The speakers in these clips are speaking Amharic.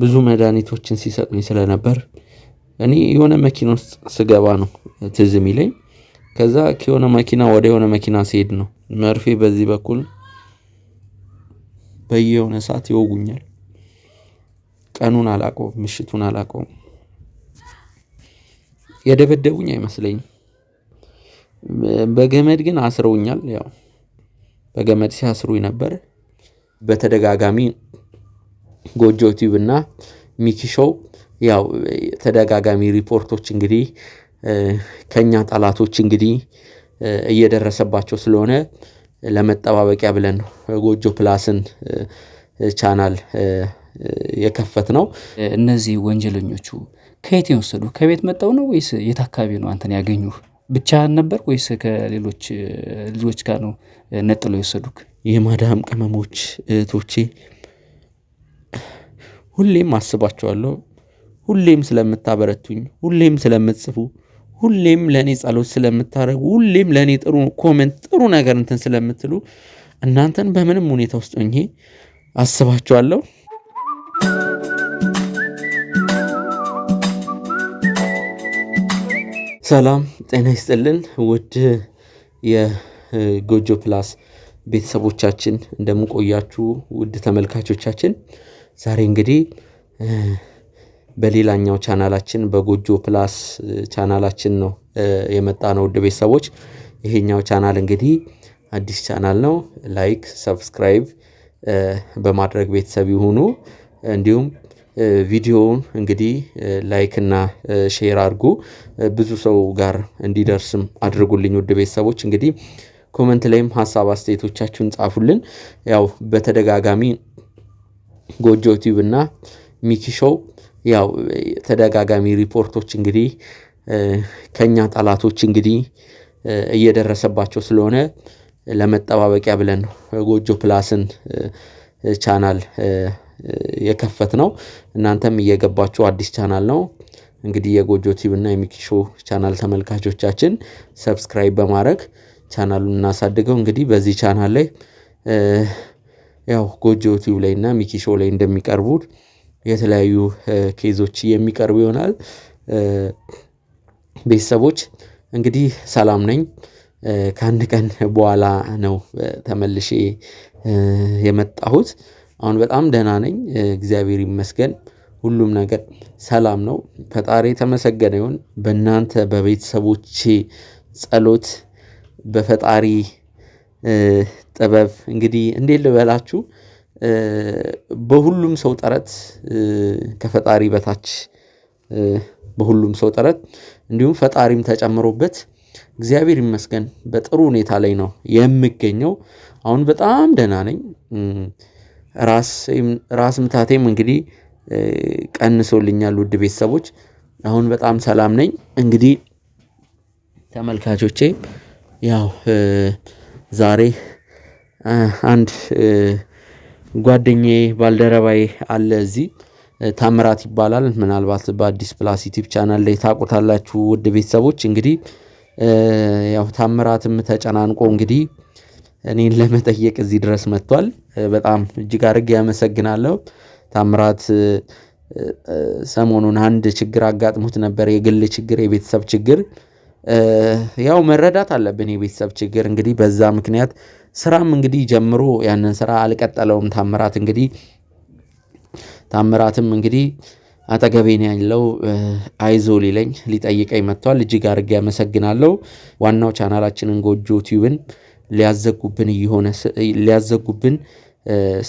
ብዙ መድኃኒቶችን ሲሰጡኝ ስለነበር እኔ የሆነ መኪና ውስጥ ስገባ ነው ትዝ የሚለኝ። ከዛ ከሆነ መኪና ወደ የሆነ መኪና ሲሄድ ነው መርፌ በዚህ በኩል በየሆነ ሰዓት ይወጉኛል። ቀኑን አላውቀውም፣ ምሽቱን አላውቀውም። የደበደቡኝ አይመስለኝም። በገመድ ግን አስረውኛል። ያው በገመድ ሲያስሩኝ ነበር በተደጋጋሚ ጎጆ ቲዩብ እና ሚኪ ሾው ያው ተደጋጋሚ ሪፖርቶች እንግዲህ ከኛ ጠላቶች እንግዲህ እየደረሰባቸው ስለሆነ ለመጠባበቂያ ብለን ጎጆ ፕላስን ቻናል የከፈት ነው። እነዚህ ወንጀለኞቹ ከየት የወሰዱ ከቤት መጣው ነው ወይስ የት አካባቢ ነው አንተን ያገኙ? ብቻህን ነበር ወይስ ከሌሎች ልጆች ጋር ነው ነጥሎ የወሰዱክ? የማዳም ቅመሞች እህቶቼ ሁሌም አስባችኋለሁ። ሁሌም ስለምታበረቱኝ፣ ሁሌም ስለምትጽፉ፣ ሁሌም ለእኔ ጸሎት ስለምታደርጉ፣ ሁሌም ለእኔ ጥሩ ኮመንት፣ ጥሩ ነገር እንትን ስለምትሉ እናንተን በምንም ሁኔታ ውስጥ ሆኜ አስባችኋለሁ። ሰላም ጤና ይስጥልን ውድ የጎጆ ፕላስ ቤተሰቦቻችን እንደምንቆያችሁ፣ ውድ ተመልካቾቻችን ዛሬ እንግዲህ በሌላኛው ቻናላችን በጎጆ ፕላስ ቻናላችን ነው የመጣ ነው። ውድ ቤተሰቦች ይሄኛው ቻናል እንግዲህ አዲስ ቻናል ነው። ላይክ ሰብስክራይብ በማድረግ ቤተሰብ ይሁኑ። እንዲሁም ቪዲዮውን እንግዲህ ላይክ እና ሼር አድርጉ፣ ብዙ ሰው ጋር እንዲደርስም አድርጉልኝ። ውድ ቤተሰቦች እንግዲህ ኮመንት ላይም ሀሳብ አስተያየቶቻችሁን ጻፉልን። ያው በተደጋጋሚ ጎጆ ቲዩብ እና ሚኪ ሾው ያው ተደጋጋሚ ሪፖርቶች እንግዲህ ከኛ ጠላቶች እንግዲህ እየደረሰባቸው ስለሆነ ለመጠባበቂያ ብለን ጎጆ ፕላስን ቻናል የከፈት ነው። እናንተም እየገባችሁ አዲስ ቻናል ነው እንግዲህ የጎጆ ቲዩብ እና የሚኪሾ ቻናል ተመልካቾቻችን ሰብስክራይብ በማድረግ ቻናሉን እናሳድገው። እንግዲህ በዚህ ቻናል ላይ ያው ጎጆ ቲዩብ ላይ እና ሚኪ ላይ እንደሚቀርቡት የተለያዩ ኬዞች የሚቀርቡ ይሆናል። ቤተሰቦች እንግዲህ ሰላም ነኝ። ከአንድ ቀን በኋላ ነው ተመልሼ የመጣሁት። አሁን በጣም ደህና ነኝ፣ እግዚአብሔር ይመስገን። ሁሉም ነገር ሰላም ነው። ፈጣሪ የተመሰገነ ይሁን። በእናንተ በቤተሰቦቼ ጸሎት፣ በፈጣሪ ጥበብ እንግዲህ እንዴት ልበላችሁ በሁሉም ሰው ጥረት ከፈጣሪ በታች በሁሉም ሰው ጥረት እንዲሁም ፈጣሪም ተጨምሮበት እግዚአብሔር ይመስገን በጥሩ ሁኔታ ላይ ነው የምገኘው። አሁን በጣም ደህና ነኝ። ራስ ምታቴም እንግዲህ ቀንሶልኛል። ውድ ቤተሰቦች አሁን በጣም ሰላም ነኝ። እንግዲህ ተመልካቾቼ ያው ዛሬ አንድ ጓደኛዬ ባልደረባዬ አለ እዚህ ታምራት ይባላል። ምናልባት በአዲስ ፕላስ ዩቲብ ቻናል ላይ ታቁታላችሁ ውድ ቤተሰቦች። እንግዲህ ያው ታምራትም ተጨናንቆ እንግዲህ እኔን ለመጠየቅ እዚህ ድረስ መጥቷል። በጣም እጅግ አድርጌ ያመሰግናለሁ። ታምራት ሰሞኑን አንድ ችግር አጋጥሞት ነበር፣ የግል ችግር፣ የቤተሰብ ችግር ያው መረዳት አለብን የቤተሰብ ችግር እንግዲህ በዛ ምክንያት ስራም እንግዲህ ጀምሮ ያንን ስራ አልቀጠለውም። ታምራት እንግዲህ ታምራትም እንግዲህ አጠገቤን ያለው አይዞ ሊለኝ ሊጠይቀኝ መጥቷል። እጅግ አድርጌ አመሰግናለሁ። ዋናው ቻናላችንን ጎጆ ቲዩብን ሊያዘጉብን እየሆነ ሊያዘጉብን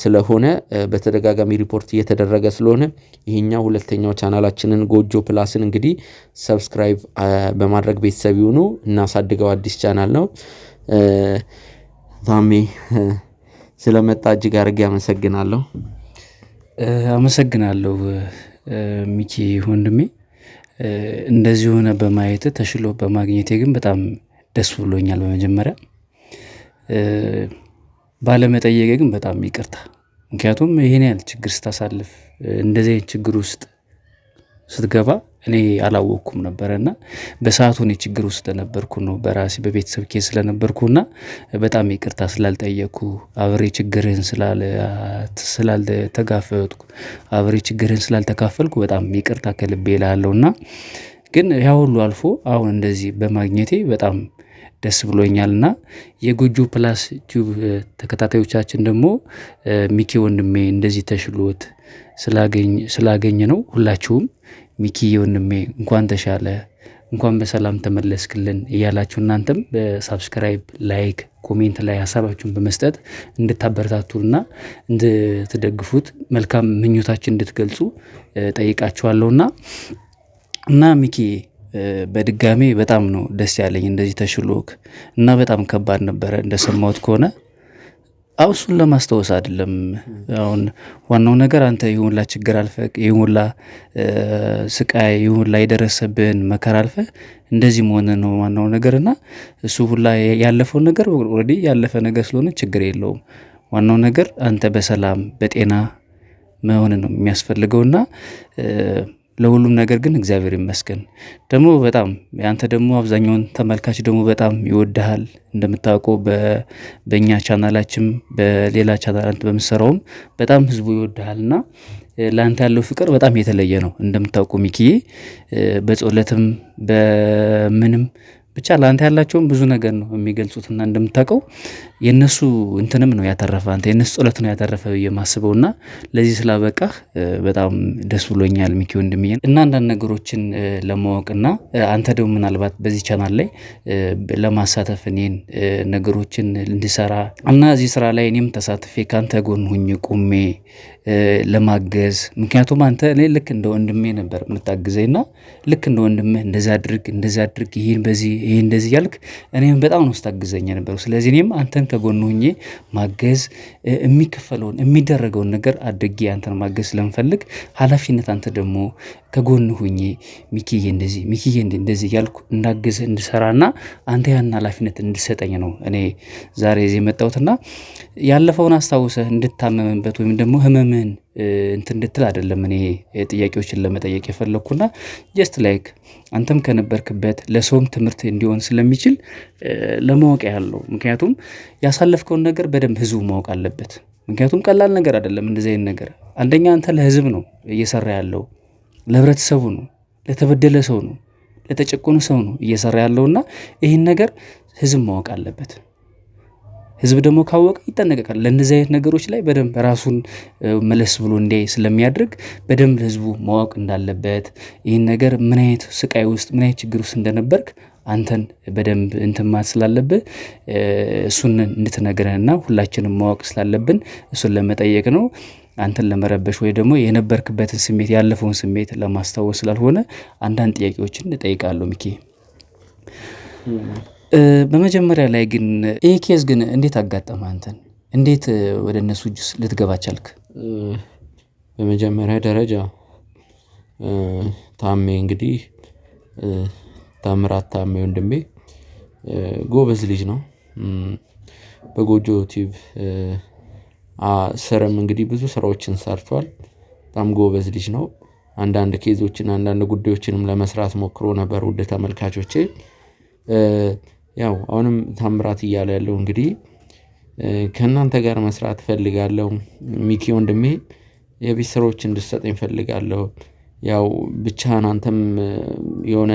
ስለሆነ በተደጋጋሚ ሪፖርት እየተደረገ ስለሆነ ይሄኛው ሁለተኛው ቻናላችንን ጎጆ ፕላስን እንግዲህ ሰብስክራይብ በማድረግ ቤተሰብ ይሁኑ። እናሳድገው አዲስ ቻናል ነው። ታሜ ስለመጣ እጅግ አድርጌ አመሰግናለሁ። አመሰግናለሁ ሚኪ ወንድሜ፣ እንደዚህ ሆነ በማየት ተሽሎ በማግኘቴ ግን በጣም ደስ ብሎኛል። በመጀመሪያ ባለመጠየቅ ግን በጣም ይቅርታ ምክንያቱም ይህን ያህል ችግር ስታሳልፍ እንደዚህ አይነት ችግር ውስጥ ስትገባ እኔ አላወቅኩም ነበረ እና በሰአቱ እኔ ችግር ውስጥ ስለነበርኩ ነው በራሴ በቤተሰብ ኬዝ ስለነበርኩ እና በጣም ይቅርታ ስላልጠየቅኩ አብሬ ችግርህን ስላልተጋፈጥኩ አብሬ ችግርህን ስላልተካፈልኩ በጣም ይቅርታ ከልቤ ላለው እና ግን ያ ሁሉ አልፎ አሁን እንደዚህ በማግኘቴ በጣም ደስ ብሎኛል እና የጎጆ ፕላስ ቲዩብ ተከታታዮቻችን ደግሞ ሚኪ ወንድሜ እንደዚህ ተሽሎት ስላገኝ ነው። ሁላችሁም ሚኪ ወንድሜ እንኳን ተሻለ እንኳን በሰላም ተመለስክልን እያላችሁ እናንተም በሳብስክራይብ ላይክ ኮሜንት ላይ ሀሳባችሁን በመስጠት እንድታበረታቱና እንድትደግፉት መልካም ምኞታችን እንድትገልጹ ጠይቃችኋለሁና እና ሚኪ በድጋሜ በጣም ነው ደስ ያለኝ እንደዚህ ተሽሎክ እና በጣም ከባድ ነበረ እንደሰማሁት ከሆነ አው እሱን ለማስታወስ አይደለም። አሁን ዋናው ነገር አንተ ይሁንላ ችግር አልፈ ይሁንላ ስቃይ ይሁንላ የደረሰብህን መከር አልፈ እንደዚህ መሆን ነው ዋናው ነገር እና እሱ ሁላ ያለፈውን ነገር ኦልሬዲ ያለፈ ነገር ስለሆነ ችግር የለውም። ዋናው ነገር አንተ በሰላም በጤና መሆን ነው የሚያስፈልገውና ለሁሉም ነገር ግን እግዚአብሔር ይመስገን። ደግሞ በጣም ያንተ ደግሞ አብዛኛውን ተመልካች ደግሞ በጣም ይወድሃል እንደምታውቀው በእኛ ቻናላችም በሌላ ቻናል በምሰራውም በጣም ህዝቡ ይወድሃል እና ለአንተ ያለው ፍቅር በጣም የተለየ ነው። እንደምታውቀው ሚኪዬ በጸሎትም በምንም ብቻ ለአንተ ያላቸውን ብዙ ነገር ነው የሚገልጹትና እንደምታውቀው የእነሱ እንትንም ነው ያተረፈ አንተ የእነሱ ጸሎት ነው ያተረፈ የማስበው እና ለዚህ ስላበቃህ በጣም ደስ ብሎኛል ሚኪ ወንድሜ። እና አንዳንድ ነገሮችን ለማወቅ እና አንተ ደግሞ ምናልባት በዚህ ቻናል ላይ ለማሳተፍ እኔን ነገሮችን እንድሰራ እና እዚህ ስራ ላይ እኔም ተሳትፌ ከአንተ ጎን ሁኝ ቁሜ ለማገዝ ምክንያቱም አንተ እኔ ልክ እንደ ወንድሜ ነበር የምታግዘኝ እና ልክ እንደ ወንድሜ እንደዚህ አድርግ እንደዚህ አድርግ ይህን በዚህ ይህ እንደዚህ ያልክ እኔም በጣም ነው ስታግዘኝ ነበሩ። ስለዚህ እኔም አንተን ከጎን ሆኜ ማገዝ የሚከፈለውን የሚደረገውን ነገር አድርጌ አንተን ማገዝ ስለምፈልግ ኃላፊነት አንተ ደግሞ ከጎን ሁኜ ሚኪዬ እንደዚህ ሚኪዬ እንደዚህ እያልኩ እንዳግዝህ እንድሰራና አንተ ያን ኃላፊነት እንድሰጠኝ ነው እኔ ዛሬ የመጣሁትና ያለፈውን አስታውሰህ እንድታመምበት ወይም ደግሞ ህመም ለምን እንትን እንድትል አይደለም እኔ ጥያቄዎችን ለመጠየቅ የፈለግኩና ጀስት ላይክ አንተም ከነበርክበት ለሰውም ትምህርት እንዲሆን ስለሚችል ለማወቅ ያለው ምክንያቱም ያሳለፍከውን ነገር በደንብ ህዝቡ ማወቅ አለበት። ምክንያቱም ቀላል ነገር አይደለም እንደዚህ አይነት ነገር። አንደኛ አንተ ለህዝብ ነው እየሰራ ያለው፣ ለህብረተሰቡ ነው፣ ለተበደለ ሰው ነው፣ ለተጨቆኑ ሰው ነው እየሰራ ያለውና ይህን ነገር ህዝብ ማወቅ አለበት። ህዝብ ደግሞ ካወቀ ይጠነቀቃል። ለእነዚህ አይነት ነገሮች ላይ በደንብ ራሱን መለስ ብሎ እንዲያይ ስለሚያደርግ በደንብ ህዝቡ ማወቅ እንዳለበት ይህን ነገር ምን አይነት ስቃይ ውስጥ ምን አይነት ችግር ውስጥ እንደነበርክ አንተን በደንብ እንትማት ስላለብህ እሱን እንድትነግረንና ሁላችንም ማወቅ ስላለብን እሱን ለመጠየቅ ነው። አንተን ለመረበሽ ወይ ደግሞ የነበርክበትን ስሜት ያለፈውን ስሜት ለማስታወስ ስላልሆነ አንዳንድ ጥያቄዎችን እጠይቃለሁ ሚኪ። በመጀመሪያ ላይ ግን ይህ ኬዝ ግን እንዴት አጋጠመ? አንተን እንዴት ወደ እነሱ እጅ ልትገባ ቻልክ? በመጀመሪያ ደረጃ ታሜ እንግዲህ ታምራት ታሜ ወንድሜ ጎበዝ ልጅ ነው። በጎጆ ቲዩብ ስርም እንግዲህ ብዙ ስራዎችን ሰርቷል። በጣም ጎበዝ ልጅ ነው። አንዳንድ ኬዞችን አንዳንድ ጉዳዮችንም ለመስራት ሞክሮ ነበር። ውድ ተመልካቾቼ ያው አሁንም ታምራት እያለ ያለው እንግዲህ ከእናንተ ጋር መስራት እፈልጋለሁ ሚኪ ወንድሜ የቤት ስራዎች እንድሰጠኝ እፈልጋለሁ። ያው ብቻህን አንተም የሆነ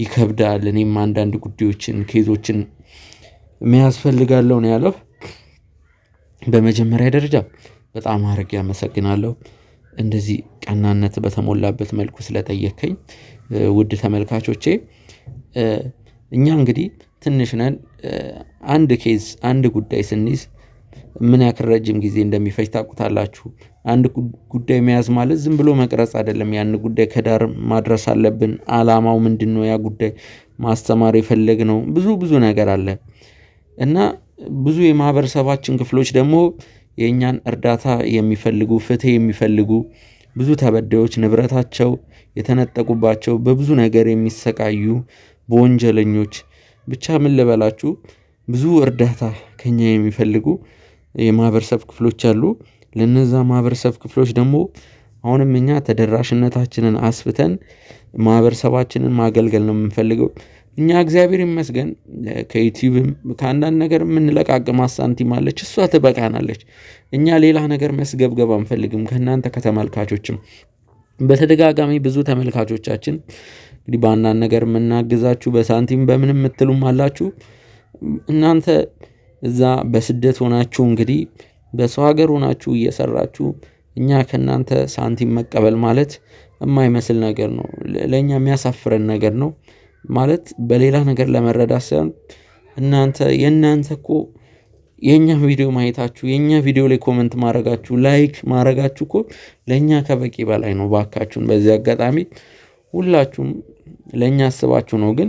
ይከብዳል እኔም አንዳንድ ጉዳዮችን ኬዞችን መያዝ እፈልጋለሁ ነው ያለው። በመጀመሪያ ደረጃ በጣም አድርጌ አመሰግናለሁ እንደዚህ ቀናነት በተሞላበት መልኩ ስለጠየከኝ ውድ ተመልካቾቼ እኛ እንግዲህ ትንሽ ነን። አንድ ኬዝ አንድ ጉዳይ ስንይዝ ምን ያክል ረጅም ጊዜ እንደሚፈጅ ታውቁታላችሁ። አንድ ጉዳይ መያዝ ማለት ዝም ብሎ መቅረጽ አይደለም። ያን ጉዳይ ከዳር ማድረስ አለብን። አላማው ምንድን ነው? ያ ጉዳይ ማስተማር የፈለግ ነው። ብዙ ብዙ ነገር አለ እና ብዙ የማህበረሰባችን ክፍሎች ደግሞ የእኛን እርዳታ የሚፈልጉ ፍትህ የሚፈልጉ ብዙ ተበዳዮች ንብረታቸው የተነጠቁባቸው በብዙ ነገር የሚሰቃዩ በወንጀለኞች ብቻ ምን ልበላችሁ ብዙ እርዳታ ከኛ የሚፈልጉ የማህበረሰብ ክፍሎች አሉ። ለነዛ ማህበረሰብ ክፍሎች ደግሞ አሁንም እኛ ተደራሽነታችንን አስፍተን ማህበረሰባችንን ማገልገል ነው የምንፈልገው። እኛ እግዚአብሔር ይመስገን ከዩቲዩብም ከአንዳንድ ነገር የምንለቃቅ ማሳንቲም አለች እሷ ትበቃናለች። እኛ ሌላ ነገር መስገብገብ አንፈልግም ከእናንተ ከተመልካቾችም በተደጋጋሚ ብዙ ተመልካቾቻችን እንግዲህ በአንዳንድ ነገር የምናግዛችሁ በሳንቲም በምን የምትሉም አላችሁ። እናንተ እዛ በስደት ሆናችሁ እንግዲህ በሰው ሀገር ሆናችሁ እየሰራችሁ እኛ ከእናንተ ሳንቲም መቀበል ማለት የማይመስል ነገር ነው። ለእኛ የሚያሳፍረን ነገር ነው። ማለት በሌላ ነገር ለመረዳት ሳይሆን እናንተ የእናንተ እኮ የእኛ ቪዲዮ ማየታችሁ የእኛ ቪዲዮ ላይ ኮመንት ማድረጋችሁ ላይክ ማድረጋችሁ እኮ ለእኛ ከበቂ በላይ ነው። ባካችሁን በዚህ አጋጣሚ ሁላችሁም ለእኛ አስባችሁ ነው። ግን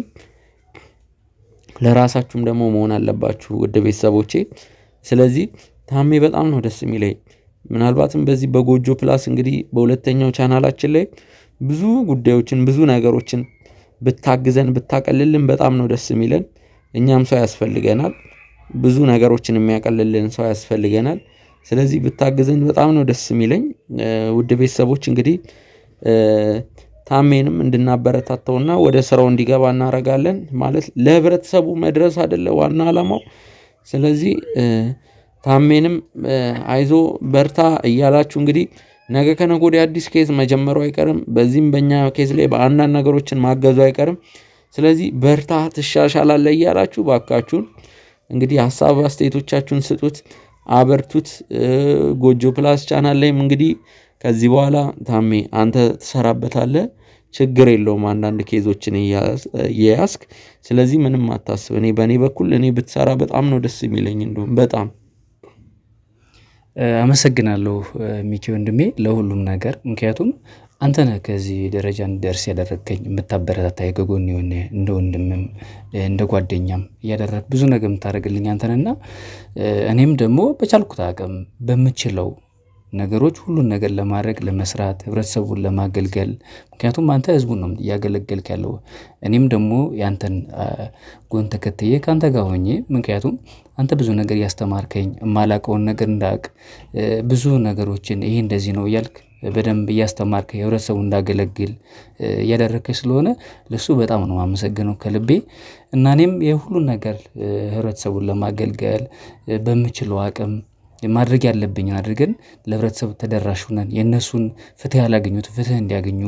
ለራሳችሁም ደግሞ መሆን አለባችሁ ውድ ቤተሰቦቼ። ስለዚህ ታሜ በጣም ነው ደስ የሚለኝ። ምናልባትም በዚህ በጎጆ ፕላስ እንግዲህ በሁለተኛው ቻናላችን ላይ ብዙ ጉዳዮችን ብዙ ነገሮችን ብታግዘን ብታቀልልን በጣም ነው ደስ የሚለን። እኛም ሰው ያስፈልገናል፣ ብዙ ነገሮችን የሚያቀልልን ሰው ያስፈልገናል። ስለዚህ ብታግዘን በጣም ነው ደስ የሚለኝ ውድ ቤተሰቦች እንግዲህ ታሜንም እንድናበረታተውና ወደ ስራው እንዲገባ እናደርጋለን። ማለት ለህብረተሰቡ መድረስ አይደለ ዋና አላማው ስለዚህ ታሜንም አይዞ በርታ እያላችሁ እንግዲህ ነገ ከነጎዴ አዲስ ኬዝ መጀመሩ አይቀርም። በዚህም በእኛ ኬዝ ላይ በአንዳንድ ነገሮችን ማገዙ አይቀርም። ስለዚህ በርታ ትሻሻላለ እያላችሁ ባካችሁን እንግዲህ ሀሳብ አስተያየቶቻችሁን ስጡት፣ አበርቱት። ጎጆ ፕላስ ቻናል ላይም እንግዲህ ከዚህ በኋላ ታሜ አንተ ትሰራበታለህ፣ ችግር የለውም አንዳንድ ኬዞችን እየያዝክ ስለዚህ ምንም አታስብ። እኔ በእኔ በኩል እኔ ብትሰራ በጣም ነው ደስ የሚለኝ። እንደውም በጣም አመሰግናለሁ ሚኪ ወንድሜ ለሁሉም ነገር ምክንያቱም አንተ ነህ ከዚህ ደረጃ እንደርስ ያደረግከኝ፣ የምታበረታታ የገጎን የሆነ እንደ ወንድምም እንደ ጓደኛም እያደረግ ብዙ ነገር የምታደርግልኝ አንተንና እኔም ደግሞ በቻልኩት አቅም በምችለው ነገሮች ሁሉን ነገር ለማድረግ ለመስራት ህብረተሰቡን ለማገልገል ምክንያቱም አንተ ህዝቡን ነው እያገለገልክ ያለው እኔም ደግሞ ያንተን ጎን ተከትዬ ካንተ ጋር ሆኜ ምክንያቱም አንተ ብዙ ነገር ያስተማርከኝ የማላቀውን ነገር እንዳውቅ ብዙ ነገሮችን ይሄ እንደዚህ ነው እያልክ በደንብ እያስተማርከ ህብረተሰቡ እንዳገለግል እያደረከ ስለሆነ ለሱ በጣም ነው የማመሰግነው ከልቤ እና እኔም የሁሉን ነገር ህብረተሰቡን ለማገልገል በምችለው አቅም ማድረግ ያለብኝን አድርገን ለህብረተሰቡ ተደራሽ ሆነን የእነሱን ፍትህ ያላገኙት ፍትህ እንዲያገኙ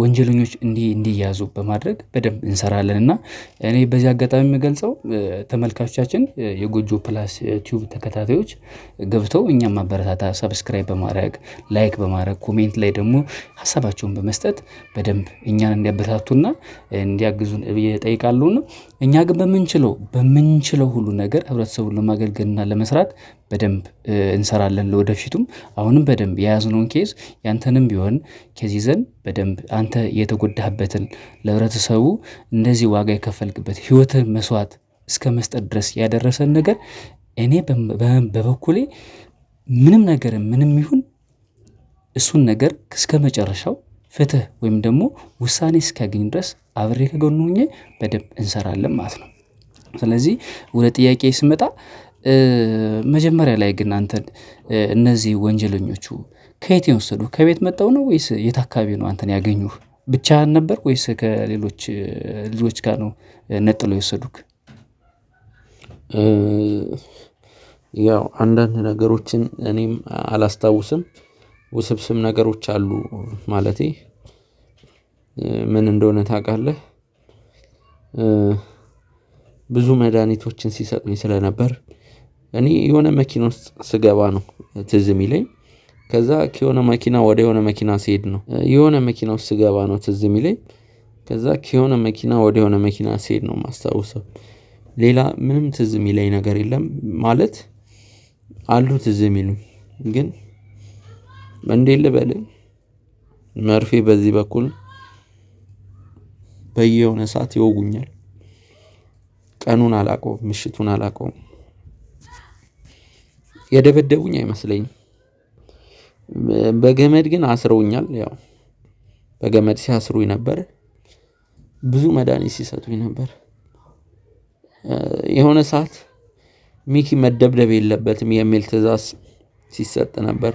ወንጀለኞች እንዲህ እንዲያዙ በማድረግ በደንብ እንሰራለን። እና እኔ በዚህ አጋጣሚ የምገልጸው ተመልካቾቻችን የጎጆ ፕላስ ቲዩብ ተከታታዮች ገብተው እኛም ማበረታታ ሰብስክራይብ በማድረግ ላይክ በማድረግ ኮሜንት ላይ ደግሞ ሀሳባቸውን በመስጠት በደንብ እኛን እንዲያበረታቱና እንዲያግዙን እጠይቃለሁና እኛ ግን በምንችለው በምንችለው ሁሉ ነገር ህብረተሰቡን ለማገልገልና ለመስራት በደንብ እንሰራለን ለወደፊቱም አሁንም በደንብ የያዝነውን ኬዝ ያንተንም ቢሆን ኬዝ ይዘን በደንብ አንተ የተጎዳህበትን ለህብረተሰቡ እንደዚህ ዋጋ የከፈልክበት ህይወትን መስዋዕት እስከ መስጠት ድረስ ያደረሰን ነገር እኔ በበኩሌ ምንም ነገር ምንም ይሁን እሱን ነገር እስከ መጨረሻው ፍትህ ወይም ደግሞ ውሳኔ እስኪያገኝ ድረስ አብሬ ከጎኑ ሆኜ በደንብ እንሰራለን ማለት ነው። ስለዚህ ወደ ጥያቄ ስመጣ መጀመሪያ ላይ ግን አንተን እነዚህ ወንጀለኞቹ ከየት የወሰዱ ከቤት መጣው ነው ወይስ የት አካባቢ ነው አንተን ያገኙህ? ብቻህን ነበር ወይስ ከሌሎች ልጆች ጋር ነው ነጥሎ የወሰዱክ? ያው አንዳንድ ነገሮችን እኔም አላስታውስም ውስብስብ ነገሮች አሉ ማለቴ ምን እንደሆነ ታውቃለህ። ብዙ መድሃኒቶችን ሲሰጡኝ ስለነበር እኔ የሆነ መኪና ውስጥ ስገባ ነው ትዝ የሚለኝ። ከዛ ከሆነ መኪና ወደ የሆነ መኪና ሲሄድ ነው የሆነ መኪና ውስጥ ስገባ ነው ትዝ የሚለኝ። ከዛ ከሆነ መኪና ወደ የሆነ መኪና ሲሄድ ነው ማስታውሰው። ሌላ ምንም ትዝ የሚለኝ ነገር የለም። ማለት አሉ ትዝ የሚሉኝ ግን እንዴት ልበልህ መርፌ በዚህ በኩል በየሆነ ሰዓት ይወጉኛል። ቀኑን አላውቀውም፣ ምሽቱን አላውቀውም። የደበደቡኝ አይመስለኝም። በገመድ ግን አስረውኛል። ያው በገመድ ሲያስሩኝ ነበር። ብዙ መድኃኒት ሲሰጡኝ ነበር። የሆነ ሰዓት ሚኪ መደብደብ የለበትም የሚል ትዕዛዝ ሲሰጥ ነበር።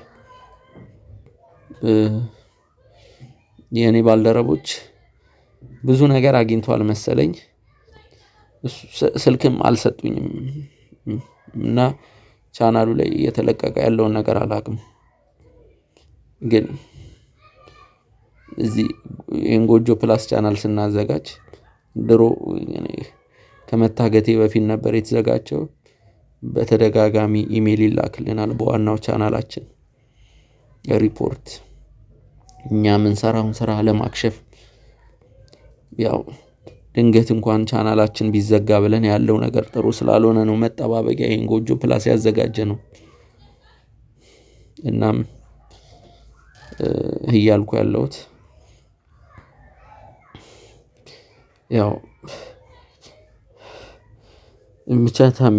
የእኔ ባልደረቦች ብዙ ነገር አግኝቷል መሰለኝ። ስልክም አልሰጡኝም እና ቻናሉ ላይ እየተለቀቀ ያለውን ነገር አላቅም። ግን እዚህ ይህን ጎጆ ፕላስ ቻናል ስናዘጋጅ ድሮ ከመታገቴ በፊት ነበር የተዘጋጀው። በተደጋጋሚ ኢሜይል ይላክልናል በዋናው ቻናላችን ሪፖርት እኛ ምንሰራውን ስራ ለማክሸፍ ያው ድንገት እንኳን ቻናላችን ቢዘጋ ብለን ያለው ነገር ጥሩ ስላልሆነ ነው መጠባበቂያ ይህን ጎጆ ፕላስ ያዘጋጀ ነው። እናም እያልኩ ያለሁት ያው ብቻ ታሜ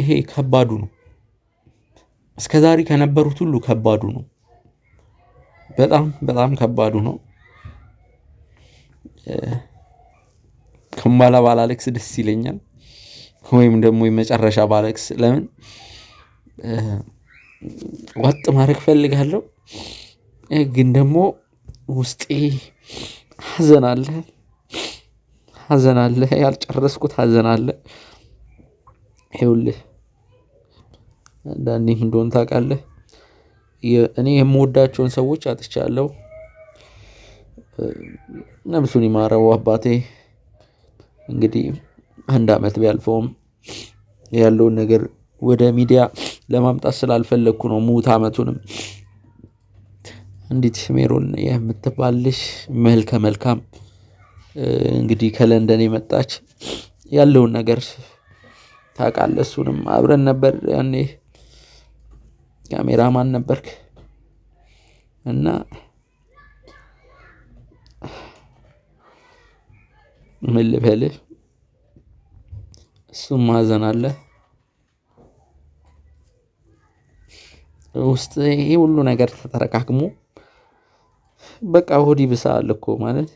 ይሄ ከባዱ ነው። እስከ ዛሬ ከነበሩት ሁሉ ከባዱ ነው። በጣም በጣም ከባዱ ነው። ከኋላ ባላለቅስ ደስ ይለኛል፣ ወይም ደግሞ የመጨረሻ ባለክስ። ለምን ዋጥ ማድረግ ፈልጋለሁ፣ ግን ደግሞ ውስጤ ሀዘን አለ፣ ሀዘን አለ፣ ያልጨረስኩት ሀዘን አለ። ይኸውልህ አንዳንዴ እንደሆን ታውቃለህ እኔ የምወዳቸውን ሰዎች አጥቻለሁ። ነፍሱን ይማረው አባቴ እንግዲህ አንድ አመት ቢያልፈውም ያለውን ነገር ወደ ሚዲያ ለማምጣት ስላልፈለግኩ ነው። ሙት አመቱንም አንዲት ሜሮን የምትባልሽ መልከ መልካም እንግዲህ ከለንደን የመጣች ያለውን ነገር ታውቃለህ እሱንም አብረን ነበር ያኔ ካሜራ ማን ነበርክ እና ምን ልበልህ፣ እሱም ማዘን አለ ውስጥ ይሄ ሁሉ ነገር ተተረካክሞ በቃ ሆድ ይብሳል እኮ ማለት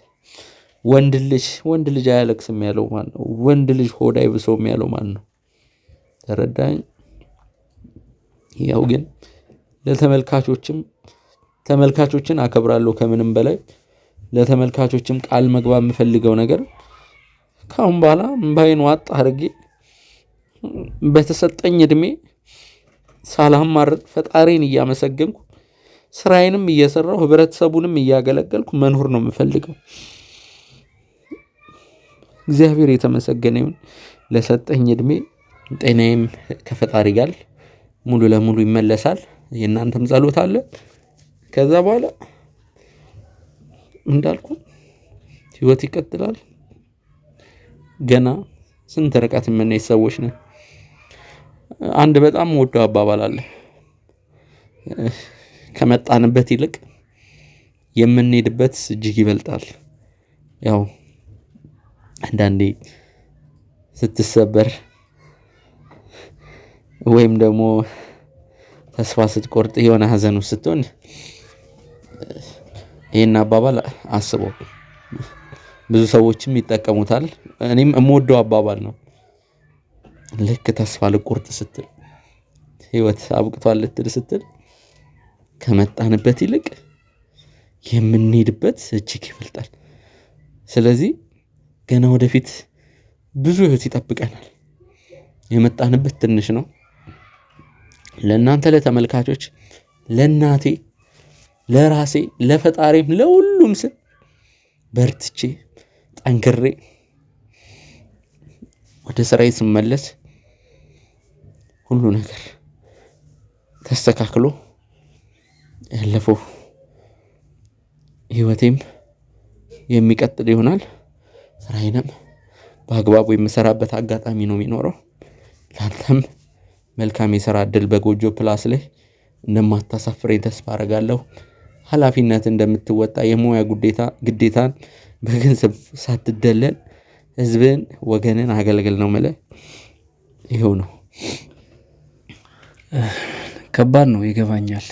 ወንድ ልጅ ወንድ ልጅ አያለቅስም ያለው ማን ነው? ወንድ ልጅ ሆድ አይብሰውም ያለው ማን ነው? ተረዳኝ። ያው ግን ለተመልካቾችም ተመልካቾችን አከብራለሁ ከምንም በላይ ለተመልካቾችም ቃል መግባት የምፈልገው ነገር ካሁን በኋላ እምባዬን ዋጥ አድርጌ በተሰጠኝ እድሜ ሳላማርጥ ፈጣሪን እያመሰገንኩ ስራዬንም እየሰራው ህብረተሰቡንም እያገለገልኩ መኖር ነው የምፈልገው። እግዚአብሔር የተመሰገነ ይሁን ለሰጠኝ እድሜ ጤናዬም ከፈጣሪ ጋር ሙሉ ለሙሉ ይመለሳል። የእናንተም ጸሎት አለ። ከዛ በኋላ እንዳልኩ ህይወት ይቀጥላል። ገና ስንት ርቀት የምንሄድ ሰዎች ነን። አንድ በጣም ወደው አባባል አለ። ከመጣንበት ይልቅ የምንሄድበት እጅግ ይበልጣል። ያው አንዳንዴ ስትሰበር ወይም ደግሞ ተስፋ ስትቆርጥ የሆነ ሀዘን ስትሆን ይህን አባባል አስበው። ብዙ ሰዎችም ይጠቀሙታል። እኔም የምወደው አባባል ነው። ልክ ተስፋ ልቆርጥ ስትል ህይወት አብቅቷል ልትል ስትል ከመጣንበት ይልቅ የምንሄድበት እጅግ ይበልጣል። ስለዚህ ገና ወደፊት ብዙ ህይወት ይጠብቀናል። የመጣንበት ትንሽ ነው። ለእናንተ ለተመልካቾች፣ ለእናቴ፣ ለራሴ፣ ለፈጣሪም ለሁሉም ስም በርትቼ ጠንክሬ ወደ ስራዬ ስመለስ ሁሉ ነገር ተስተካክሎ ያለፈው ህይወቴም የሚቀጥል ይሆናል። ስራዬንም በአግባቡ የምሰራበት አጋጣሚ ነው የሚኖረው። ላንተም መልካም የስራ እድል በጎጆ ፕላስ ላይ እንደማታሳፍረኝ ተስፋ አረጋለሁ። ኃላፊነት እንደምትወጣ የሙያ ግዴታን በገንዘብ ሳትደለን ህዝብን ወገንን አገልግል ነው የምልህ። ይኸው ነው። ከባድ ነው ይገባኛል።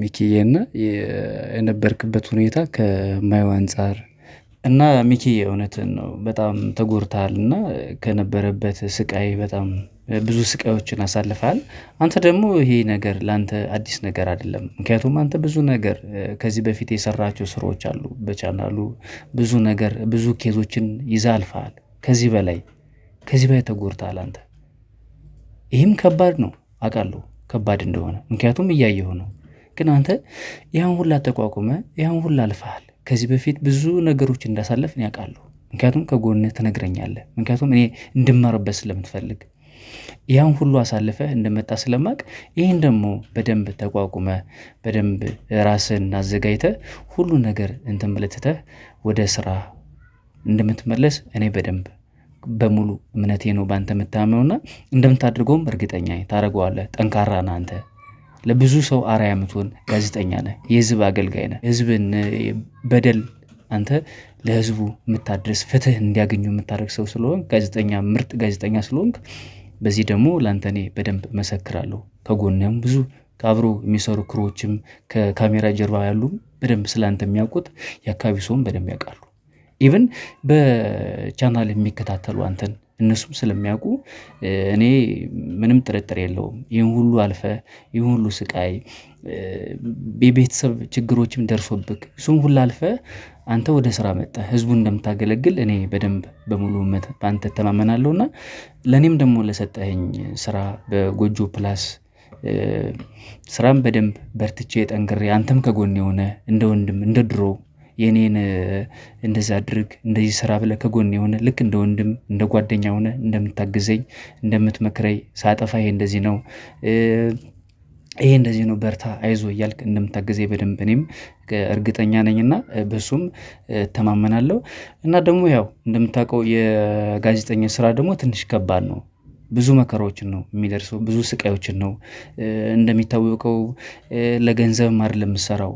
ሚኪዬ እና የነበርክበት ሁኔታ ከማየው አንፃር እና ሚኪ እውነትን ነው በጣም ተጎድተሃል እና ከነበረበት ስቃይ በጣም ብዙ ስቃዮችን አሳልፈሃል። አንተ ደግሞ ይሄ ነገር ለአንተ አዲስ ነገር አይደለም። ምክንያቱም አንተ ብዙ ነገር ከዚህ በፊት የሰራቸው ስራዎች አሉ በቻናሉ ብዙ ነገር ብዙ ኬዞችን ይዘህ አልፈሃል። ከዚህ በላይ ከዚህ በላይ ተጎድተሃል አንተ። ይህም ከባድ ነው አውቃለሁ ከባድ እንደሆነ ምክንያቱም እያየሁ ነው። ግን አንተ ያን ሁላ ተቋቁመ ያን ሁላ አልፈሃል ከዚህ በፊት ብዙ ነገሮች እንዳሳለፍ ያውቃለሁ። ምክንያቱም ከጎን ትነግረኛለህ። ምክንያቱም እኔ እንድመርበት ስለምትፈልግ ያን ሁሉ አሳልፈ እንደመጣ ስለማቅ ይህን ደግሞ በደንብ ተቋቁመ በደንብ ራስን አዘጋጅተ ሁሉ ነገር እንትን ወደ ስራ እንደምትመለስ እኔ በደንብ በሙሉ እምነቴ ነው በአንተ የምታምነውና እንደምታደርገውም እርግጠኛ ታደርገዋለህ። ጠንካራ ነህ አንተ። ለብዙ ሰው አርአያ የምትሆን ጋዜጠኛ ነህ። የህዝብ አገልጋይ ነህ። ህዝብን በደል አንተ ለህዝቡ የምታድረስ ፍትህ እንዲያገኙ የምታደርግ ሰው ስለሆን ጋዜጠኛ ምርጥ ጋዜጠኛ ስለሆንክ በዚህ ደግሞ ለአንተ እኔ በደንብ መሰክራለሁ። ከጎንም ብዙ ከአብሮ የሚሰሩ ክሮዎችም ከካሜራ ጀርባ ያሉ በደንብ ስለአንተ የሚያውቁት የአካባቢ ሰውን በደንብ ያውቃሉ። ኢቨን በቻናል የሚከታተሉ አንተን እነሱም ስለሚያውቁ እኔ ምንም ጥርጥር የለውም ይህን ሁሉ አልፈ ይህን ሁሉ ስቃይ የቤተሰብ ችግሮችም ደርሶብክ እሱም ሁሉ አልፈ አንተ ወደ ስራ መጠ ህዝቡ እንደምታገለግል እኔ በደንብ በሙሉ በአንተ እተማመናለሁ እና ለእኔም ደግሞ ለሰጠኸኝ ስራ በጎጆ ፕላስ ስራም በደንብ በርትቼ ጠንክሬ አንተም ከጎን የሆነ እንደ ወንድም እንደ ድሮ የኔን እንደዚህ አድርግ እንደዚህ ስራ ብለህ ከጎን የሆነ ልክ እንደ ወንድም እንደ ጓደኛ ሆነ እንደምታግዘኝ እንደምትመክረኝ ሳጠፋ ይሄ እንደዚህ ነው ይሄ እንደዚህ ነው በርታ አይዞ እያልክ እንደምታግዘኝ በደንብ እኔም እርግጠኛ ነኝና በሱም እተማመናለሁ። እና ደግሞ ያው እንደምታውቀው የጋዜጠኛ ስራ ደግሞ ትንሽ ከባድ ነው። ብዙ መከራዎችን ነው የሚደርሰው፣ ብዙ ስቃዮችን ነው። እንደሚታወቀው ለገንዘብ ማር ለምሰራው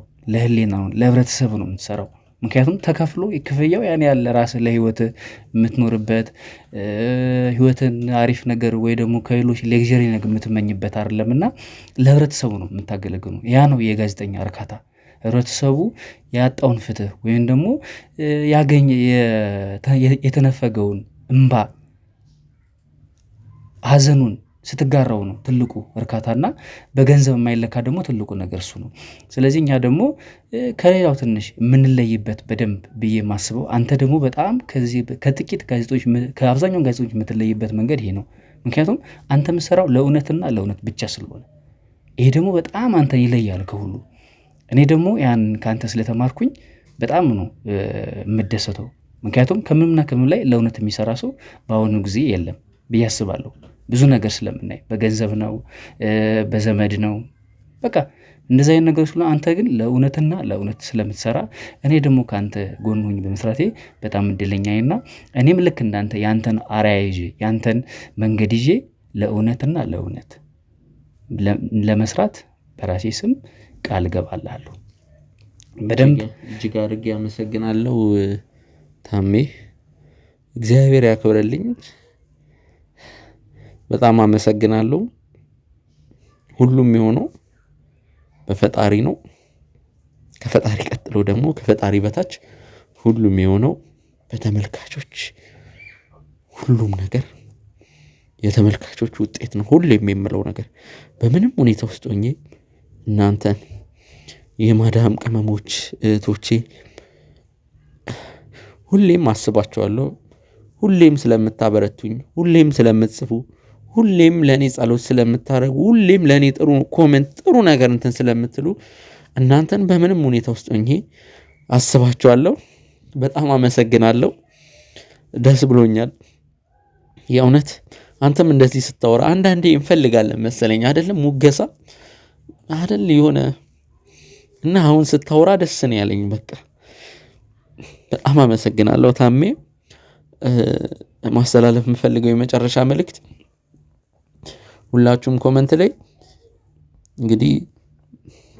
ነው ለህብረተሰብ ነው የምትሰራው። ምክንያቱም ተከፍሎ ክፍያው ያን ያለ ራስ ለህይወት የምትኖርበት ህይወትን አሪፍ ነገር ወይ ደግሞ ከሌሎች ሌክዥሪ ነገር የምትመኝበት አይደለም እና ለህብረተሰቡ ነው የምታገለግሉ። ያ ነው የጋዜጠኛ እርካታ። ህብረተሰቡ ያጣውን ፍትህ ወይም ደግሞ ያገኘ የተነፈገውን እምባ ሀዘኑን ስትጋራው ነው ትልቁ እርካታና በገንዘብ የማይለካ ደግሞ ትልቁ ነገር እሱ ነው። ስለዚህ እኛ ደግሞ ከሌላው ትንሽ የምንለይበት በደንብ ብዬ የማስበው አንተ ደግሞ በጣም ከዚህ ከጥቂት ጋዜጦች ከአብዛኛውን ጋዜጦች የምትለይበት መንገድ ይሄ ነው። ምክንያቱም አንተ የምትሰራው ለእውነትና ለእውነት ብቻ ስለሆነ ይሄ ደግሞ በጣም አንተ ይለያል ከሁሉ። እኔ ደግሞ ያን ከአንተ ስለተማርኩኝ በጣም ነው የምደሰተው። ምክንያቱም ከምንምና ከምንም ላይ ለእውነት የሚሰራ ሰው በአሁኑ ጊዜ የለም ብዬ አስባለሁ። ብዙ ነገር ስለምናይ በገንዘብ ነው፣ በዘመድ ነው፣ በቃ እንደዚህ አይነት ነገሮች ሁሉ። አንተ ግን ለእውነትና ለእውነት ስለምትሰራ እኔ ደግሞ ከአንተ ጎን ሆኜ በመስራቴ በጣም እና እኔም ልክ እንዳንተ ያንተን አርያ ይዤ ያንተን መንገድ ይዤ ለእውነትና ለእውነት ለመስራት በራሴ ስም ቃል ገባላሉ። በደንብ እጅግ አድርጌ አመሰግናለሁ ታሜ፣ እግዚአብሔር ያክብረልኝ። በጣም አመሰግናለሁ። ሁሉም የሆነው በፈጣሪ ነው። ከፈጣሪ ቀጥሎ ደግሞ ከፈጣሪ በታች ሁሉም የሆነው በተመልካቾች ሁሉም ነገር የተመልካቾች ውጤት ነው። ሁሌም የምለው ነገር በምንም ሁኔታ ውስጥ ሆኜ እናንተን የማዳም ቅመሞች እህቶቼ ሁሌም አስባቸዋለሁ ሁሌም ስለምታበረቱኝ፣ ሁሌም ስለምትጽፉ ሁሌም ለእኔ ጸሎት ስለምታደርጉ፣ ሁሌም ለእኔ ጥሩ ኮመንት፣ ጥሩ ነገር እንትን ስለምትሉ እናንተን በምንም ሁኔታ ውስጥ ሆኜ አስባችኋለሁ። በጣም አመሰግናለሁ። ደስ ብሎኛል የእውነት። አንተም እንደዚህ ስታወራ አንዳንዴ እንፈልጋለን መሰለኝ አይደለም፣ ሙገሳ አደል የሆነ እና አሁን ስታወራ ደስ ነው ያለኝ። በቃ በጣም አመሰግናለሁ ታሜ። ማስተላለፍ የምፈልገው የመጨረሻ መልእክት ሁላችሁም ኮመንት ላይ እንግዲህ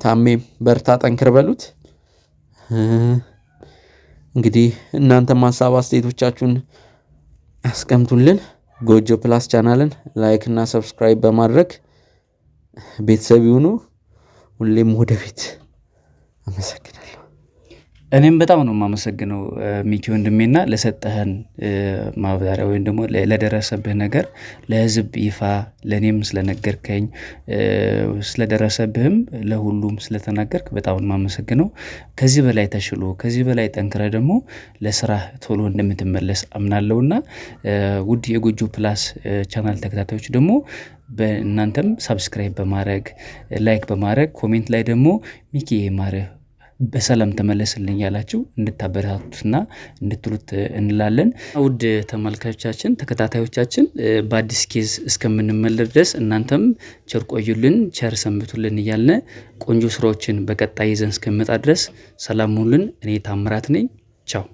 ታሜ በርታ ጠንክር በሉት። እንግዲህ እናንተም ሀሳብ አስተያየቶቻችሁን አስቀምጡልን። ጎጆ ፕላስ ቻናልን ላይክ እና ሰብስክራይብ በማድረግ ቤተሰብ ይሁኑ። ሁሌም ወደፊት። አመሰግናለሁ። እኔም በጣም ነው የማመሰግነው ሚኪ ወንድሜና ለሰጠህን ማብራሪያ ወይም ደግሞ ለደረሰብህ ነገር ለህዝብ ይፋ ለእኔም ስለነገርከኝ ስለደረሰብህም ለሁሉም ስለተናገርክ በጣም ነው የማመሰግነው። ከዚህ በላይ ተሽሎ ከዚህ በላይ ጠንክረ ደግሞ ለስራ ቶሎ እንደምትመለስ እና ውድ የጎጆ ፕላስ ቻናል ተከታታዮች ደግሞ በእናንተም ሳብስክራይብ በማድረግ ላይክ በማድረግ ኮሜንት ላይ ደግሞ ሚኪ ማርህ በሰላም ተመለስልኝ ያላችሁ እንድታበረታቱትና እንድትሉት እንላለን። ውድ ተመልካቾቻችን፣ ተከታታዮቻችን በአዲስ ኬዝ እስከምንመለስ ድረስ እናንተም ቸር ቆዩልን፣ ቸር ሰንብቱልን እያልን ቆንጆ ስራዎችን በቀጣይ ይዘን እስከመጣ ድረስ ሰላም ሁሉን። እኔ ታምራት ነኝ። ቻው